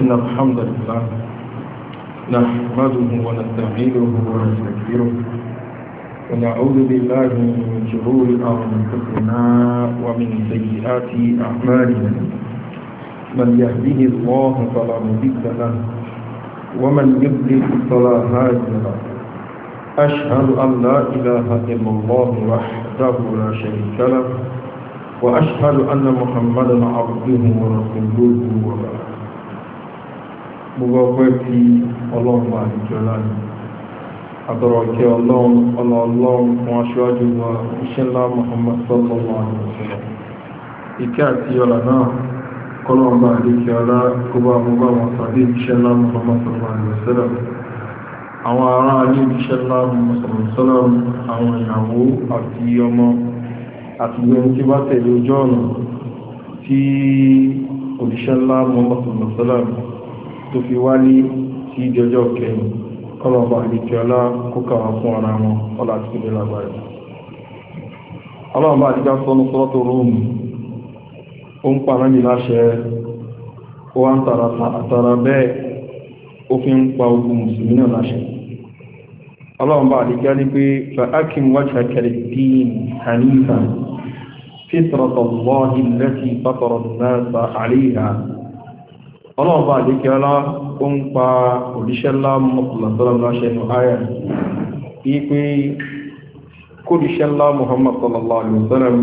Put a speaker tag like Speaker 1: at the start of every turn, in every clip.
Speaker 1: إن الحمد لله نحمده ونستعينه ونستكبره ونعوذ بالله من شرور أنفسنا ومن سيئات أعمالنا من يهده الله فلا مضل له ومن يضلل فلا هادي له أشهد أن لا إله إلا الله وحده لا شريك له وأشهد أن محمدا عبده ورسوله وبعد gbogbo ọpẹ́ fi ọlọ́run àdìjọ lánàá àtọ̀rọ̀ kí ọlọ́run ọ̀nà ọlọ́run fún aṣíwájú wa iṣẹ́ ńlá Muhammad sallallahu alaihi wasallam ìkẹ́ àti ọ̀là náà kọ́lọ́run bá àdìjọ ọlá kó bá mú bá wọn sàbí iṣẹ́ ńlá Muhammad sallallahu alaihi wasallam àwọn ará alé iṣẹ́ ńlá Muhammad sallallahu alaihi wasallam àwọn ìyàwó àti ọmọ àti gbẹ̀rù tí bá tẹ̀lé ojú ọ̀nà tí òṣìṣẹ́ ńlá Muhammad sallallahu tó fi wálé sí ìjọjọ́ kẹyìn kọlọ̀bà àdìkẹ́ọlá kókà wọn fún ara wọn ọlá àti ìlú lágbàrẹ̀ ọlọ́ọ̀bà àdìkà sọ́nù sọ́tò róòmù ó ń pa mẹ́mí láṣẹ ó wá ń tara àtara bẹ́ẹ̀ ó fi ń pa ogun mùsùlùmí náà láṣẹ ọlọ́ọ̀bà àdìkà ní pé fa'akim wájà kẹrì dín hanifa fitratallah allati fatara an-nasa 'alayha ọlọ́ọ̀bá àdékẹ́ọ́lá ó ń pa òdíṣẹ́lá mọ̀kànlọ́sọ́lọ́láṣẹ́ ní ààrẹ bí pé kó òdíṣẹ́lá mọ̀kànlọ́sọ́lọ́láṣẹ́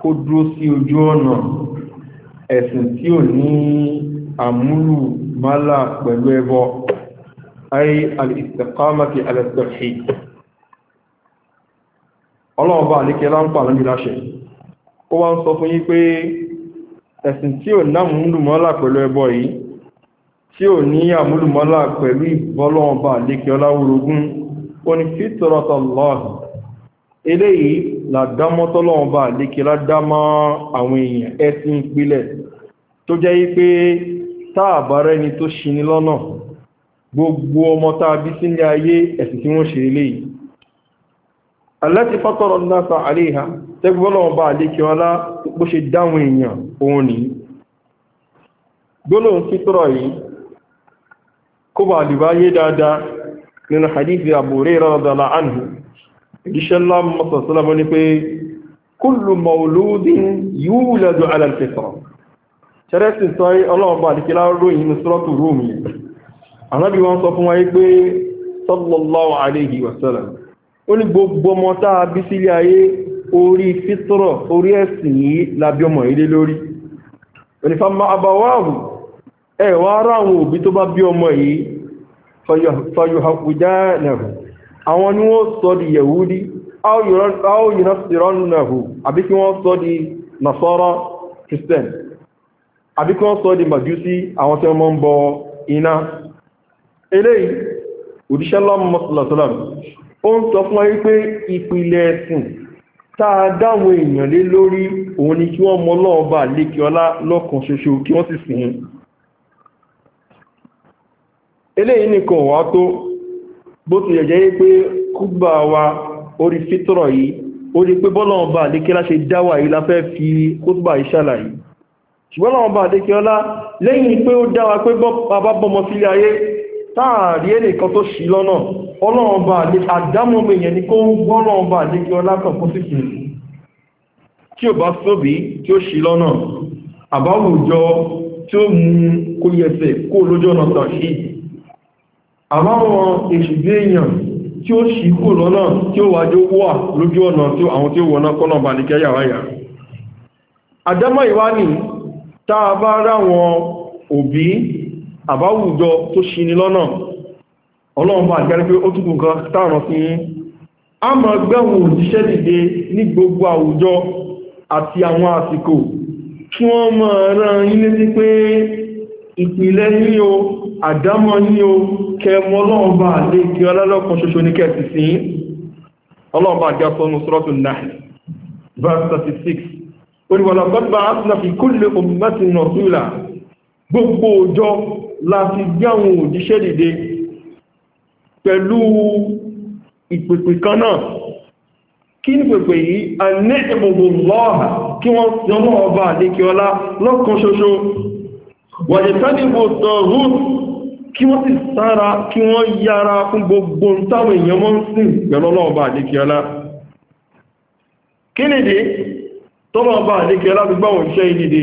Speaker 1: kó dúró sí ojú ọ̀nà ẹ̀sìn tí ò ní àmúlù málà pẹ̀lú ẹbọ ayé alìsẹ̀kámàtì alẹ́sẹ̀kì ọlọ́ọ̀bá àdékẹ́ọ́lá ń pa àlọ́mìláṣẹ́ ó wá ń sọ fún yín pé ẹ̀sìn tí ò ní àmúlùmọ́là pẹ̀lú ẹbọ yìí tí ò ní àmúlùmọ́là pẹ̀lú ìbọ́lọ́ọ̀bà lékè ọláwúrogún ó ní fítọ́rọ̀tọ̀ làdámọ́tọ́lọ́ọ̀bà lékè ládámọ́ àwọn èèyàn ẹ̀sìn ìpìlẹ̀ tó jẹ́ wípé táàbárẹ́ni tó ṣini lọ́nà gbogbo ọmọ tàbí sílé ayé ẹ̀sìn tí wọ́n ṣe eléyìí tẹ́gbọ́lọ́wọ́ bá àlékí ọlá bó ṣe dáwọn èèyàn òun ní gbólóhùn fítọ́rọ̀ yìí kó bá lùbá yé dáadáa nínú hadithi Abu Hurairah radala anhu ìṣẹ́ lọ́mọ́sọ̀sọ́lọ́mọ́ ní pé kullu mauludin yuladu ala al ṣẹ́rẹ́sì sọ ọlọ́ọ̀bá àdíkílá ròyìn ní suratu anábí wọn sọ fún wáyé pé sallallahu orí fítọ́rọ̀ orí ẹ̀sìn yìí labí ọmọ ilé lórí onífàmà àbáwáàrù ẹ̀wà ara àwọn òbí tó bá bí ọmọ yìí fayọ̀hàkùjá nẹ̀hù àwọn ni wọ́n sọ di yẹ̀wúdí áwòyìnà sírọ́nù nẹ̀hù àbí kí wọ́n sọ di nasọ́rọ́ christian àbí kí wọ́n sọ di màjúsí àwọn tí wọ́n ń bọ iná eléyìí òdíṣẹ́lọ́mọ́sọ̀lọ́sọ́lọ́ ó ń sọ fún wa wípé ìpìlẹ̀ ẹ̀sìn táa dáwọn èèyàn lé lórí òun ni kí wọ́n mọ lọ́ọ̀bà lékè ọlá lọ́kan ṣoṣo kí wọ́n sì sìn eléyìí nìkan wá tó bó ti yẹ̀jẹ́ pé kúgbà wa orí fítọ̀rọ̀ yìí ó rí pé bọ́lọ̀ọ̀bà lékè láṣe dáwà yìí la fẹ́ fi kúgbà yìí ṣàlàyé ṣùgbọ́n lọ́wọ́n bá àdékè ọlá lẹ́yìn pé ó dáwà pé bọ́ bàbá bọ́mọ sílé ayé táàrí ẹnìkan tó ṣì lọ́nà ọlọ́run bá lè àdámọ́ èèyàn ní kó ń gbọ́lọ́run bá lè kí ọlákàn kó sì fi tí ò bá sóbí tí ó ṣì lọ́nà àbáwùjọ tí ó mú kó yẹsẹ̀ kó lójọ́ ọ̀nà tàn sí àbáwọn èṣùgbé èèyàn tí ó ṣì kú lọ́nà tí òbí àbáwùjọ tó ṣi ni lọ́nà ọlọ́run bá jẹ́ pé ó túnkù kan táàrán sí yí a máa gbẹ̀wò òjíṣẹ́ dìde ní gbogbo àwùjọ àti àwọn àsìkò kí wọ́n máa rán yín létí pé ìpìlẹ̀ yín o àdámọ́ yín o kẹmọ gbogbo òjò la fi gbé àwọn òjíṣẹ́ dìde pẹ̀lú ìpèpè kan náà kí ní pèpè yìí a ní ìbòbò lọ́ọ̀hà kí wọ́n tí ọmọ ọba àdékí ọlá lọ́kan ṣoṣo wàjẹ̀ tánìbò tọ̀rù kí wọ́n sì sára kí wọ́n yára fún gbogbo táwọn èèyàn mọ́ sìn pẹ̀lú ọlọ́ọ̀ba àdékí ọlá kí nìdí tọ́lọ́ọ̀ba àdékí ọlá gbígbàwọ̀n iṣẹ́ ìdìde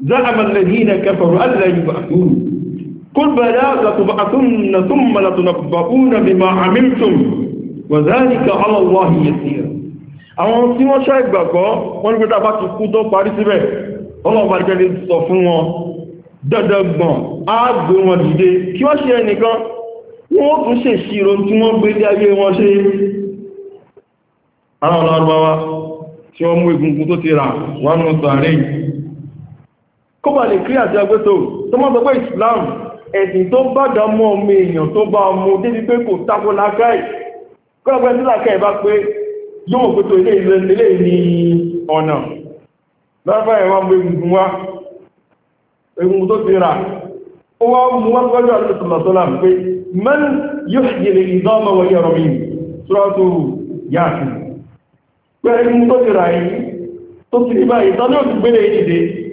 Speaker 1: زعم الذين كفروا ألا يبعثون قل بلى لتبعثن ثم لتنبؤون بما عملتم وذلك على الله يسير àwọn tí wọ́n ṣá ìgbàgbọ́ wọ́n ní pẹ́ta bá ti kú tó parí síbẹ̀ ọlọ́ọ̀bá sọ fún wọn dandangbọ̀n ààbò wọn dìde kí wọ́n ṣe ẹnìkan wọ́n tún ṣe ìṣirò tí wọ́n gbé ní ayé wọn ṣe àwọn tí wọ́n mú egungun tó ti rà wọ́n mú sàárè kó bà lè kírí àti agbétò tó mọ́ sọ pé Islam ẹ̀sìn tó bá dámú ọmọ èèyàn tó bá mú débi pé kò tako lákàì kọ́lọ̀pẹ́ sí lákàì bá pé yóò mọ̀ pẹ́tò ilé ilé ní ọ̀nà lọ́pẹ́ ẹ̀wọ́n mú egungun wá egungun tó ti rà ó wá mú wá gbọ́jọ́ àtúntòlọ́sọ́lá pé mẹ́n yóò yẹ̀lẹ̀ ìdánmọ̀ wọ̀nyí ọ̀rọ̀ mi sọ́rọ́tò yáàfin pé egungun tó ti rà yìí tó ti rí báyìí tán ní òtún gbélé ìdíde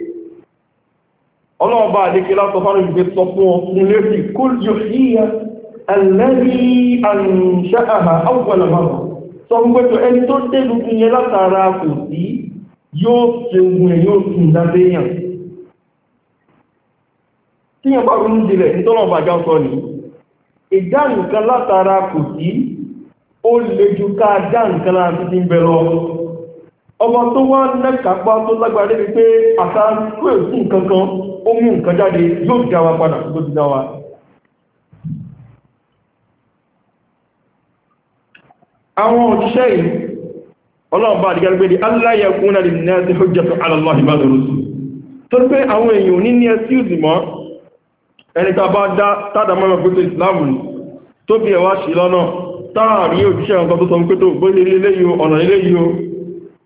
Speaker 1: ọlọ́ọ̀bá àdíkẹ́ látọ̀fánà ìgbé sọ fún ọkùn lẹ́fì kó yóò híyà alẹ́rí àrìnṣẹ́ àhà áwùgbọ̀lọ̀mọ̀ sọ ń gbẹ́tọ̀ ẹni tó tẹ́lú fún yẹ látara kò sí yóò ṣe ogun ẹ̀ yóò tún lábẹ́ yàn tí yẹn bá ronú dilẹ̀ ọmọ tó wá lẹ́kàápá tó lágbára débi pé àṣà tó èkú nǹkan kan ó mú nǹkan jáde yóò dá wa padà tó ti dá wa àwọn òṣìṣẹ́ yìí ọlọ́ọ̀bá àdìgbàgbé di aláyẹkún náà ní ẹsẹ̀ hujjatu ala Allah ìbádọ̀rọ̀ sí tó pé àwọn èèyàn ní ní ẹsí ìzìmọ́ ẹni tàbá tàdà mọ́rọ̀ pẹ́tò ìsìláàmù tó bí ẹwà sí lọ́nà táàrí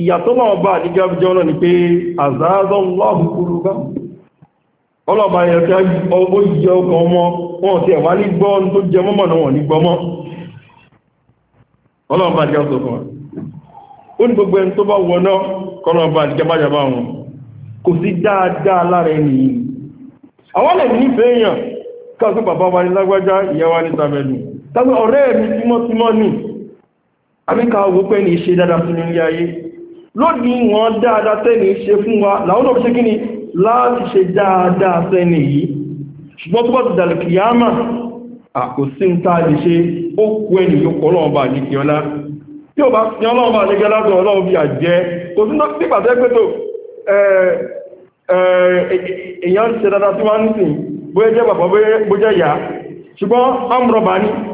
Speaker 1: ìyàtọ́ náà bá ní gábíjọ́ náà ni pé àzáàzọ́ lọ́hùn kúrú bá ọlọ́bà ẹ̀kẹ́ ọgbó yíyẹ ọkọ̀ ọmọ wọn ti ẹ̀wà ní gbọ́ tó jẹ mọ́mọ̀ náà ní gbọ́mọ́ ọlọ́bà ní ọ̀sọ̀ fún wa ó ní gbogbo ẹni tó bá wọ náà kọ́lọ́bà ní gábájábá wọn kò sí dáadáa lára ẹni yìí àwọn lè nífẹ̀ẹ́ èèyàn ní lágbájá ìyá pẹ́ ní ṣe dáadáa fún ní ayé lónìí wọn dáadáa tẹ́ni ṣe fún wa láwọn òṣè kí ni láti ṣe dáadáa tẹ́ni yìí ṣùgbọ́n tó bá ti dàlù kìyàmà àkòsí ń táà lè ṣe ó kú ẹni yóò kọ́ lọ́wọ́ bá àdíkì ọlá tí ó bá sin ọlọ́wọ́ bá àdíkì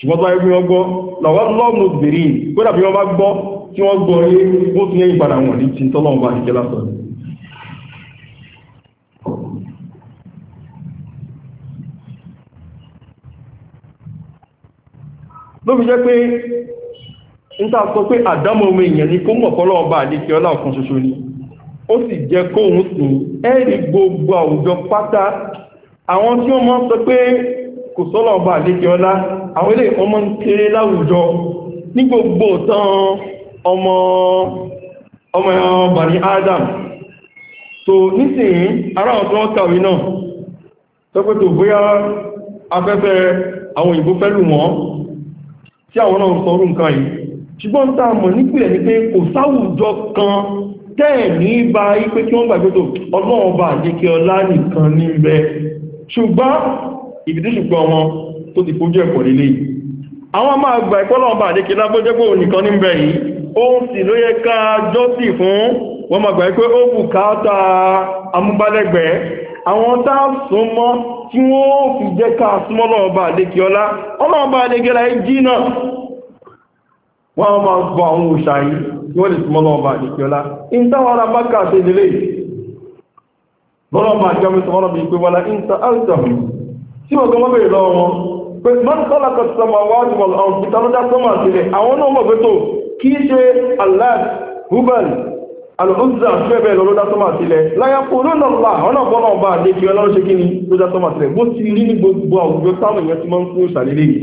Speaker 1: ṣùgbọ́n tó ẹgbẹ́ ọgbọ́ lọ́wọ́lọ́mù bèèrè kódà bí wọ́n bá gbọ́ tí wọ́n gbọ́ yé ó tún yẹ́ ìpadà wọn ní ti tọ́lọ́wọ́n bá nìkẹ́ lásán ló fi jẹ́ pé ń tà sọ pé àdámọ̀ ọmọ èèyàn ni kó mọ̀ kọ́lọ́wọ́n bá nìkẹ́ ọlá ọ̀kan ṣoṣo ni ó sì jẹ́ kóhun sùn ẹ́rì gbogbo àwùjọ pátá pé kò sọ́lọ̀ ọba àdékẹ́ ọlá àwọn ilé ọmọ ń kéré láwùjọ ní gbogbo tán ọmọ ọmọ bani adam so nísìnyí ara wọn tó kàwé náà tọ́pẹ́tò bóyá afẹ́fẹ́ àwọn òyìnbó fẹ́lú wọn tí àwọn náà sọ orú nǹkan yìí ṣùgbọ́n tá a mọ̀ nípìlẹ̀ ní pé kò sáwùjọ kan tẹ́ẹ̀ ní bá ipé kí wọ́n gbàgbé tó ọlọ́run bá àdékẹ́ ọlá nìkan ní bẹ ṣùgbọ́n ìbìdí ṣùgbọ́n wọn tó ti fojú ẹ̀kọ́ lílé àwọn máa gba ìpọ́lọ̀ọ̀bà àdékè lábójẹ́gbò nìkan ní bẹ̀ yìí ó ń sì ló yẹ ká fún wọ́n gba gbà pé ó bù káàtà amúgbálẹ́gbẹ̀ẹ́ àwọn tá tí wọ́n fi jẹ́ ká súnmọ́ lọ́ọ̀bà ọlá wọ́n máa àwọn òṣà yìí wọ́n lè ọlá tí wọ́n gbọ́ mọ́bẹ̀rẹ̀ lọ wọn pé mọ́n tọ́lá kan sọmọ wá jù wọn àwọn òkúta lọ́jà sọmọ àtìlẹ̀ àwọn náà mọ̀ pé tó kí í ṣe aláàt hubal alùpùpùsà fẹ́bẹ̀ lọ lọ́jà sọmọ àtìlẹ̀ láyà kó lọ́nà ńlá ọ̀nà bọ́nà ọba àdékì ọlọ́run ṣe kí ni lọ́jà sọmọ àtìlẹ̀ bó ti rí ní gbogbo àwùjọ táwọn èèyàn ti máa ń kú ìṣàlélẹ̀ yìí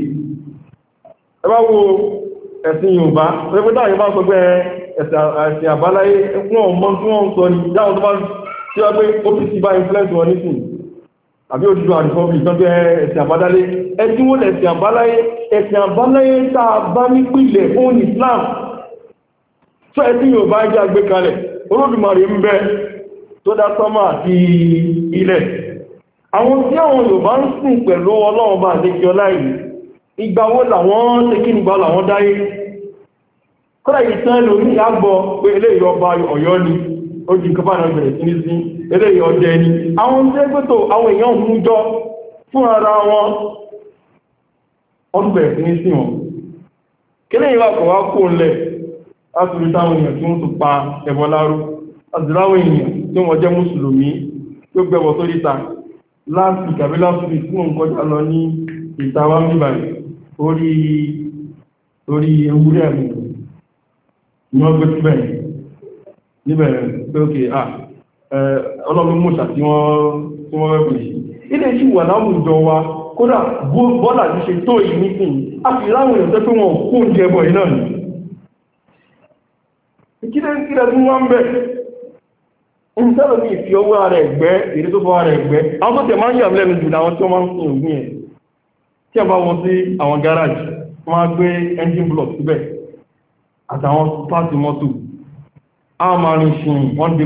Speaker 1: ẹ bá wo ẹ̀sìn Yorùbá pẹ́pẹ́ táwọn Yorùbá sọ pé ẹ̀sìn àbáláyé fún ọmọ tí wọ́n ń sọ ni dáhùn tó bá ti wá pé OPC bá àbí òdúdú àrífọ́bì ìtọ́jẹ́ ẹ̀sìn àbádáyé ẹtí wọ́n ẹ̀sìn àbáláyé ẹ̀sìn àbáláyé tá a bá nípìnlẹ̀ fún Islam tó ẹtí yóò bá jẹ́ àgbékalẹ̀ Olódùmarè ń bẹ tó dá sọ́mà àti ilẹ̀ àwọn tí àwọn Yorùbá ń sìn pẹ̀lú Ọlọ́run bá àdékí ọlá yìí ìgbà wo làwọn ṣe kí nígbà làwọn dáyé kọ́lá ìtàn lórí àgbọ̀ pé eléyìí ọba Ọ̀yọ́ ni ó di nǹkan bá náà bẹ̀rẹ̀ sí eléyìí ọjọ́ ni, àwọn tẹ́gbẹ́tò àwọn èèyàn mú jọ fún ara wọn ọdún bẹ̀rẹ̀ sí ní sí wọn kílẹ̀ ìwà kọ̀ wá kó lẹ̀ láti rí táwọn èèyàn tí pa ẹbọ láró àti láwọn èèyàn tí wọ́n jẹ́ mùsùlùmí tó gbẹbọ sórí ta láti tàbí láti tí wọ́n kọjá lọ ní ìtawá níbàyí orí orí ewúrẹ́ mi pé ókè ah Eh, ọlọ́run mọ́sà tí wọ́n rẹ̀kùn sí ilé sí wà láwùjọ wa kódà bọ́là ti ṣe tó yìí nìkan a fi láwọn èèyàn tẹ́kọ́ wọn kó ń jẹ bọ̀ iná ni kílẹ̀ kílẹ̀ tún wá ń bẹ̀ ń sẹ́lọ̀ ní ìfi ọwọ́ ara ẹ̀gbẹ́ èrè tó fọ́ ara ẹ̀gbẹ́ àwọn tó tẹ̀ máa ń yà lẹ́nu jù láwọn tí wọ́n máa ń fún ògùn yẹn engine block síbẹ̀ àtàwọn pàtì mọ́tò a máa rìn ṣùn sí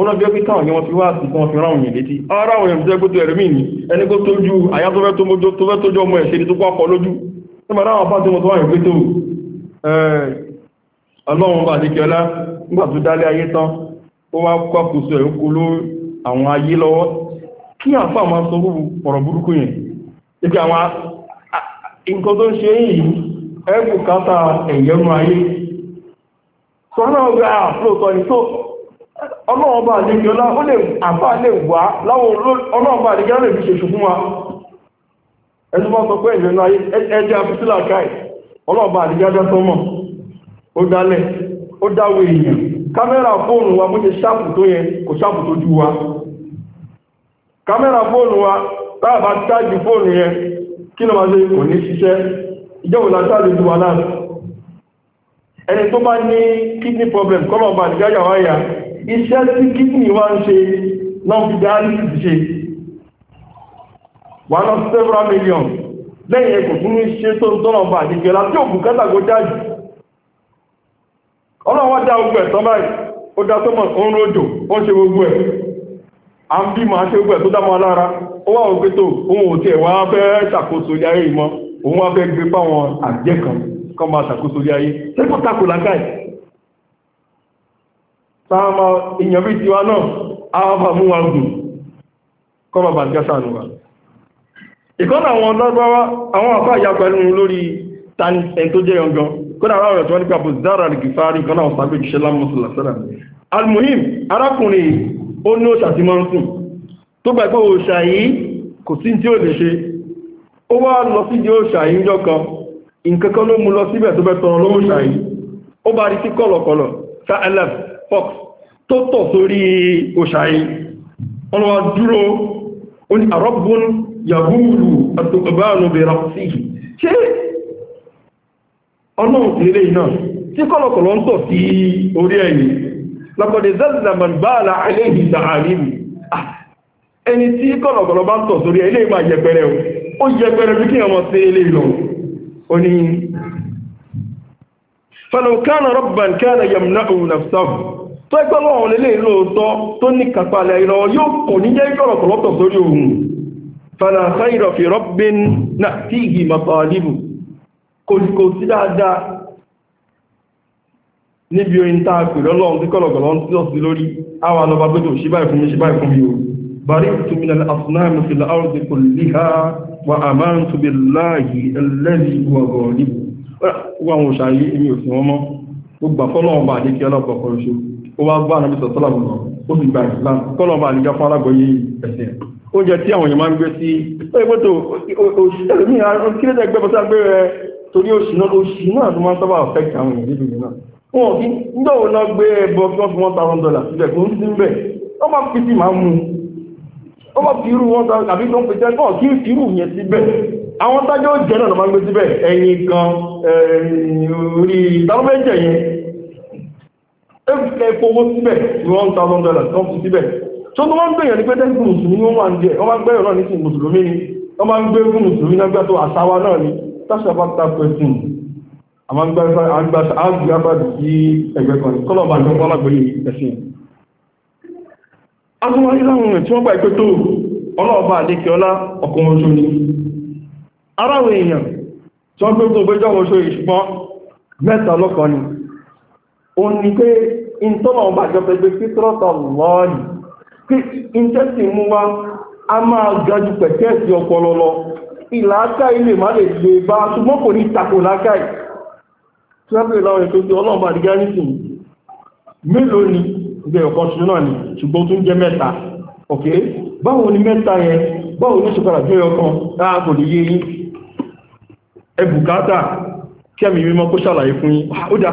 Speaker 1: olóògbé pítàn ni wọ́n fi wá sí kan fi ráhùn yìí létí ara àwọn èèyàn jẹ́ gbótó ẹ̀rẹ́mì ní ẹni kó tójú àyá tó fẹ́ tó mójó tó fẹ́ tójú ọmọ ẹ̀ṣẹ́ tó pọ̀ lójú nígbà táwọn bá tó mọ́ tó wà yìí pé tó ọlọ́run bá dékẹ́ ọlá nígbà tó dálé ayé tán ó wá kọ́kùsọ ẹ̀ kó ló àwọn ayé lọ́wọ́ kí àfà máa tó ń ṣe yìí ah, ni tó ọlọ́ọ̀bá àdíkẹ́lá ó lè àbá lè wà láwọn ọlọ́ọ̀bá àdíkẹ́lá lè fi ṣe ṣùgbọ́n wa sọ pé ìrìnà ẹjẹ́ àfisílà káì ọlọ́ọ̀bá tó mọ̀ ó dálẹ̀ ó èèyàn kámẹ́rà fóònù wa bó ṣáàpù tó yẹ kò ṣáàpù tó ju wa wa ya, wa ẹni tó bá ní kidney problem kọ́lọ̀ ọba iṣẹ́ tí kíkì wá ń ṣe náà fi dialysis ṣe one million lẹ́yìn ẹkùn tún ní ṣe tó ń tọ́nà bá àdìgbẹ́ láti òkú kátàgó jáde ọlọ́wọ́ dá ogun ẹ̀ tán báyìí ó dá tó mọ̀ oún ròjò ó ṣe gbogbo ẹ̀ a ń bí máa ṣe gbogbo ẹ̀ tó dámọ́ lára ó sáàmà èèyàn bí tiwa náà àwọn bá mú wa gùn kọ́mà bá jẹ́ sànù wa ìkọ́nà àwọn lọ́gbọ́wá àwọn àfá ìyá pẹ̀lú lórí tàníṣẹ́ tó jẹ́ ọgbọ́n kódà àwọn ọ̀rọ̀ tí wọ́n ní pàbò zara gifari àwọn sàgbé jíṣẹ́ lámọ́sùlásẹ́lá almuhim arákùnrin ó ní òṣà tí mọ́rún sùn tó gbàgbọ́ òṣà yìí kò sí tí ó lè ṣe ó wá lọ sí di òṣà fox tó tọ̀ sórí òṣàyí ọlọ́wà dúró ó ní àrọ́bùn yàgúrù àtòkọ̀bánu bèèrè sí ṣe ọlọ́run ti lè náà tí kọ́lọ̀kọ̀lọ́ ń tọ̀ sí orí ẹ̀yìn lọ́kọ̀dẹ̀ zazzaman فلو كان ربا كان يمنعه نفسه tó ẹgbẹ́ lọ́wọ́ lélẹ̀ lóòótọ́ tó ní kàpàlẹ̀ ìrọ̀ yóò kò ní jẹ́ ìjọ́ ọ̀pọ̀lọpọ̀ sórí ohun fàlà sáìrọ̀ fi rọ́bìn náà tí ìhì mọ̀tàlìbù kò sí dáadáa níbi orin tá a pè lọ́lọ́run tí kọ̀lọ̀kọ̀lọ́ ń tọ́ sí lórí àwọn àlọ́ba pé tó ṣíbáyì fún mi ṣíbáyì fún mi o bàrí ìtumìnà àfúnáàmì fìlà àrùn ti kò lè ha wà àmáhùn tó bè láàyè ẹlẹ́rìí wọ̀gọ̀ níbo wọ́n àwọn òṣàyé gbogbo àfọ́lọ́wọ́n bá àdékẹ́ ọlọ́pàá kọ̀ọ̀ṣọ́ ó wá bá ànábì sọ̀tọ́lá mọ̀ ó sì gba ìsìlám kọ́lọ̀ bá àlùjá fún alágbọ̀nyé ẹ̀sìn oúnjẹ tí àwọn èèyàn máa ń gbé sí ẹgbẹ́tò òṣìṣẹ́ mi kílẹ̀dẹ̀ gbẹ́ bọ́sá gbé rẹ torí oṣù náà oṣù náà ló máa ń sábà affect àwọn èèyàn níbi náà wọn kí nígbà wo náà gbé ẹbọ kí wọ́n fi one thousand dollars síbẹ̀ kó ń sí ń bẹ̀ ó máa fi sí máa mú ó ẹ̀fẹ́ ìfowó síbẹ̀ ní one thousand dollars tó fi síbẹ̀ tó tó máa ń gbẹ̀yàn ní pé tẹ́sí mùsùlùmí ni wọ́n wà ń jẹ́ wọ́n máa ń gbẹ̀yàn náà ní sí mùsùlùmí ni wọ́n máa ń gbé fún mùsùlùmí náà gbẹ́ tó àṣàwà náà ni táṣàbá tá pẹ̀sìn àwọn agbára sí ẹgbẹ́ kan kọ́lọ̀ bá jọ wọ́n lágbẹ̀yìn ẹ̀sìn asúnmọ́ ilé àwọn èèyàn tí wọ́n gbà pé tó ọlọ́ọ̀bá àdékẹ́ ọlá ọkùn oṣù ni aráwọ̀ èèyàn tí wọ́n pé tó gbẹ́jọ́ oṣù ìṣùgbọ́n mẹ́ta lọ́kọ̀ọ́ ni ó ní pé ìtọ́nà ọba àjọpẹ́ pé fítírọ́tọ̀ lọ́ọ̀nì pé ìtẹ́sì mú wa a máa gajù pẹ̀tẹ́ẹ̀sì ọpọlọ lọ ìlàákà ilé má lè lè bá ṣùgbọ́n kò ní tako láàkà ì tíwábìrì láwọn ètò tí ọlọ́ọ̀bà àdígá ni ìgbẹ̀ ọ̀kan ṣe okay báwo ni mẹ́ta yẹn báwo ní ṣùgbọ́n àjọyọ̀ kan láà kò ní yé yín ẹbùkátà kó ṣàlàyé fún yín ó dáa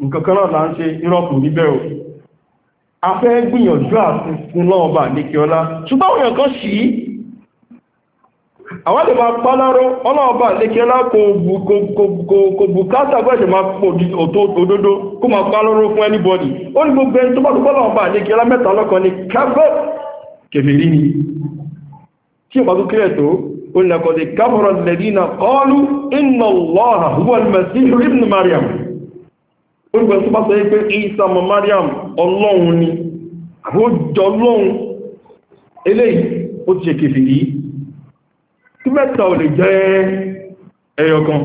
Speaker 1: nǹkan kan náà là ń ṣe irọ́pù níbẹ̀ o a fẹ́ gbìyànjú àti sinlọ́ọ̀bà ní kí ọlá ṣùgbọ́n òyìn kan sí àwọn lè máa pa láró ọlọ́ọ̀bà ní kí ọlá kò bùkátà gbẹ́ṣẹ̀ máa pò òdodo kó máa pa láró fún anybody ó ní gbogbo ẹni tó bá dúpọ́ lọ́ọ̀bà ní kí ọlá mẹ́ta lọ́kan ni kábẹ́ kèfèrí ni tí ó bá tó kílẹ̀ tó ó ní lẹ́kọ̀ọ́ orúkọ tó bá sọ yí pé isa mariam ọlọ́run ni àbójọ ọlọ́run eléyìí ó ti ṣe kèfèrí tí mẹ́ta ò lè jẹ́ kan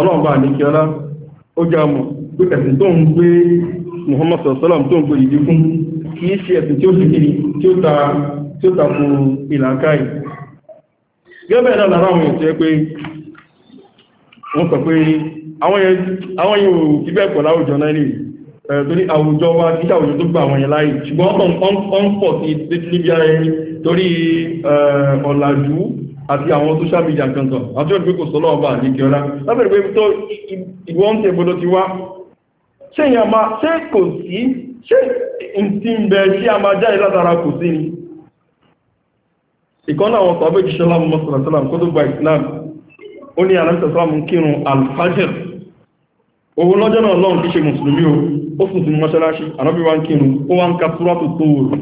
Speaker 1: ọlọ́run bá ní ó pé ẹ̀sìn tó ń gbé muhammad sọ̀sọ́lọ́m tó ń gbé ìdí fún kìí ṣe ẹ̀sìn tí ó ṣìkiri tí ó ta tí ó ta kò ìlànkáì náà àwọn yẹn ò kí bẹ́ẹ̀ pọ̀ láwùjọ náà lè torí àwùjọ wa kí àwùjọ tó gba àwọn yẹn láàyè ṣùgbọ́n ọ̀n pọ̀ sí títí bí ara ẹni torí ọ̀làjú àti àwọn social media kankan àti ọ̀dùn kò sọ́lọ́ ọba àdíkẹ́ ọlá lábẹ̀rẹ̀ pé tó ìwọ́n tẹ̀ gbọdọ̀ ti wá ṣe èyàn máa ṣe kò alfajir òun lọ́jọ́ náà lọ́n kí ṣe mùsùlùmí o ó fún sínú mọ́ṣáláṣí ànábí wa ń kírun ó wá ń ka túrátù tó rò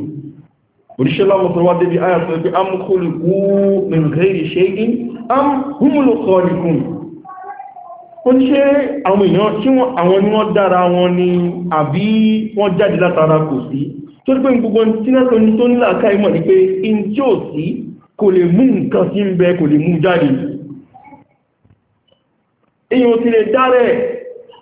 Speaker 1: òríṣẹ́ láwọn sọ wá débi àyà sọ pé am khuliqu min ghairi shay'in am humul khaliqun ó ní ṣe àwọn èèyàn tí àwọn ni kò lè mú nǹkan sí ń bẹ kò lè mú jáde èèyàn ti lè dárẹ̀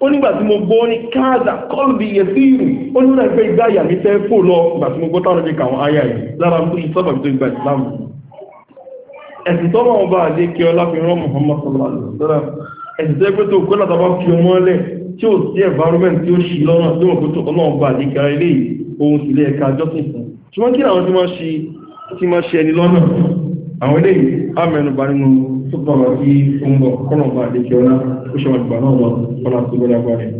Speaker 1: ó nígbà tí mo gbọ́ ní káàdà kọ́lùbí yẹsíìrù ó ní wọ́n fẹ́ gbá ìyàmí fẹ́ fò lọ ìgbà tí mo gbọ́ táwọn ọdún kàwọn ayà yìí lára ń kúrò sọ́bà tó gba ìsìlámù ẹ̀sìn tó máa bá àdé kí ọlá fi rán Muhammad sallallahu alaihi wasallam ẹ̀sìn tó pé tó kó láta bá fi ọmọ lẹ̀ tí ó sí environment tí ó ṣì lọ́nà tó mọ̀ pé tó ọlọ́run bá àdé kíra ilé ohun sì lé ẹ̀ka jọ́sìn fún ṣùgbọ́n kí làwọn tí máa ṣe ẹni lọ́nà àwọn eléyìí á tó bá wà sí tó ń bọ̀ kọ́nà bá àdéjọ́ náà ó ṣe wà nígbà náà lọ kọ́nà tó gbọ́dọ̀ gbà rẹ̀.